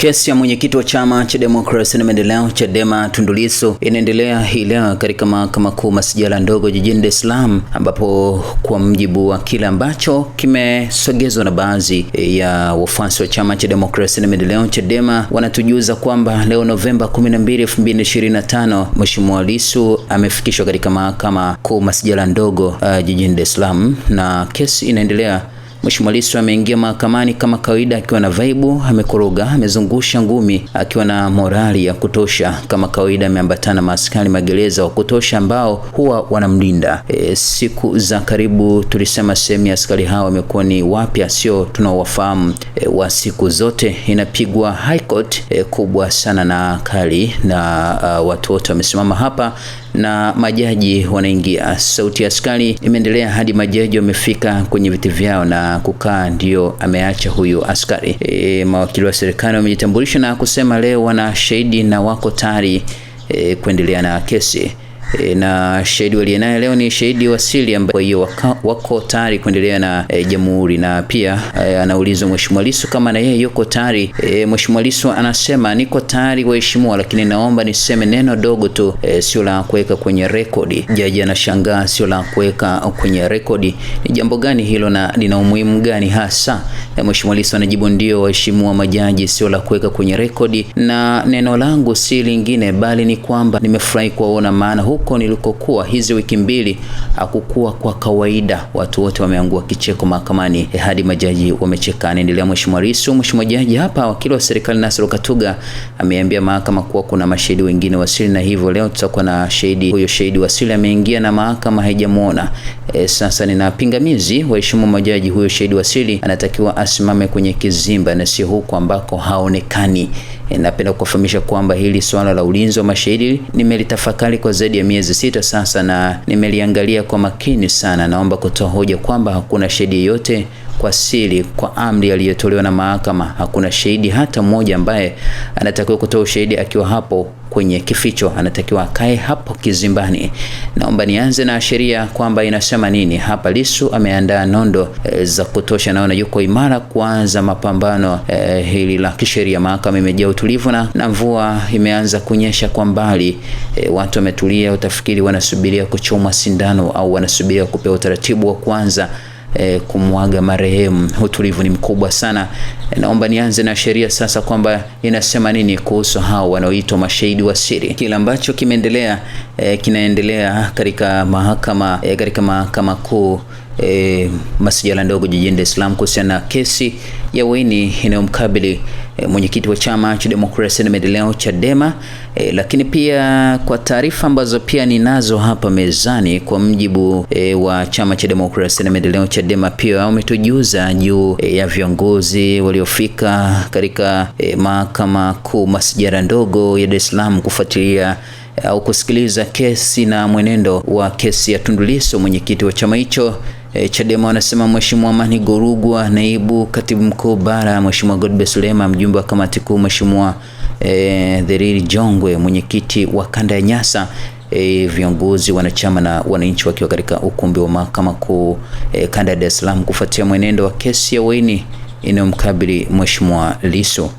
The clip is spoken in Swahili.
Kesi ya mwenyekiti wa chama cha demokrasia na maendeleo Chadema Tundu Lissu inaendelea hii leo katika mahakama kuu masijala ndogo jijini Dar es Salaam, ambapo kwa mjibu wa kile ambacho kimesogezwa na baadhi ya wafuasi wa chama cha demokrasia na maendeleo Chadema, wanatujuza kwamba leo Novemba 12, 2025 Mheshimiwa Lissu amefikishwa katika mahakama kuu masijala ndogo uh, jijini Dar es Salaam na kesi inaendelea Mheshimiwa Lissu ameingia mahakamani kama kawaida akiwa na vaibu, amekoroga, amezungusha ngumi, akiwa na morali ya kutosha kama kawaida. Ameambatana maaskari magereza wa kutosha ambao huwa wanamlinda. E, siku za karibu tulisema sehemu ya askari hao wamekuwa ni wapya, sio tunaowafahamu e, wa siku zote inapigwa high court e, kubwa sana na kali na uh, watu wote wamesimama hapa na majaji wanaingia. Sauti ya askari imeendelea hadi majaji wamefika kwenye viti vyao na kukaa, ndio ameacha huyu askari e, mawakili wa serikali wamejitambulisha na kusema leo wana shahidi na wako tayari e, kuendelea na kesi. E, na shahidi waliye naye leo ni shahidi wa siri, ambaye kwa hiyo wako tayari kuendelea na e, jamhuri na pia e, anaulizwa Mheshimiwa Lissu kama na yeye yuko tayari e, Mheshimiwa Lissu anasema niko tayari waheshimiwa, lakini naomba niseme neno dogo tu e, sio la kuweka kwenye rekodi. Jaji anashangaa sio la kuweka kwenye rekodi, ni jambo gani hilo na lina umuhimu gani hasa? E, Mheshimiwa Lissu anajibu ndio, waheshimiwa majaji, sio la kuweka kwenye rekodi na neno langu si lingine bali ni kwamba nimefurahi kuwaona maana huu huko nilikokuwa hizi wiki mbili hakukuwa kwa kawaida, watu wote wameangua kicheko mahakamani eh, hadi majaji wamecheka. Anaendelea Mheshimiwa Lissu. Mheshimiwa jaji hapa, wakili wa serikali Nasoro Katuga ameambia mahakama kuwa kuna mashahidi wengine wasili, na hivyo leo tutakuwa na shahidi huyo. Shahidi wasili ameingia na mahakama haijamuona. E, eh, sasa nina pingamizi, waheshimu majaji, huyo shahidi wasili anatakiwa asimame kwenye kizimba na sio huko ambako haonekani. Eh, napenda kufahamisha kwamba hili swala la ulinzi wa mashahidi nimelitafakari kwa zaidi ya miezi sita sasa, na nimeliangalia kwa makini sana. Naomba kutoa hoja kwamba hakuna shahidi yeyote kwa siri, kwa amri aliyotolewa na mahakama. Hakuna shahidi hata mmoja ambaye anatakiwa kutoa ushahidi akiwa hapo kwenye kificho, anatakiwa akae hapo kizimbani. Naomba nianze na sheria kwamba inasema nini hapa. lisu ameandaa nondo e, za kutosha, naona yuko imara kuanza mapambano e, hili la kisheria. Mahakama imejaa utulivu na, na mvua imeanza kunyesha kwa mbali e, watu wametulia, utafikiri wanasubiria kuchomwa sindano au wanasubiria kupewa utaratibu wa kwanza e, kumwaga marehemu. Utulivu ni mkubwa sana. Naomba nianze na sheria sasa kwamba inasema nini kuhusu hao wanaoitwa mashahidi wa siri. Kile ambacho kimeendelea e, kinaendelea katika mahakama e, katika mahakama kuu e, masijala ndogo jijini Dar es Salaam kuhusiana na kesi ya uhaini inayomkabili e, mwenyekiti wa chama cha demokrasia na maendeleo Chadema. E, lakini pia kwa taarifa ambazo pia ninazo hapa mezani, kwa mjibu e, wa chama cha demokrasia na maendeleo Chadema, pia umetujuza juu e, ya viongozi waliofika katika e, mahakama kuu masijala ndogo ya Dar es Salaam kufuatilia au kusikiliza kesi na mwenendo wa kesi ya Tundu Lissu. Mwenyekiti wa chama hicho e, Chadema wanasema Mheshimiwa Amani Gorugwa, naibu katibu mkuu bara, Mheshimiwa Godbe Sulema, mjumbe wa kamati kuu, Mheshimiwa e, Dheriri Jongwe, mwenyekiti wa kanda ya Nyasa E, viongozi wanachama na wananchi wakiwa katika ukumbi wa mahakama kuu e, kanda ya Dar es Salaam kufuatia mwenendo wa kesi ya waini inayomkabili Mheshimiwa Lissu.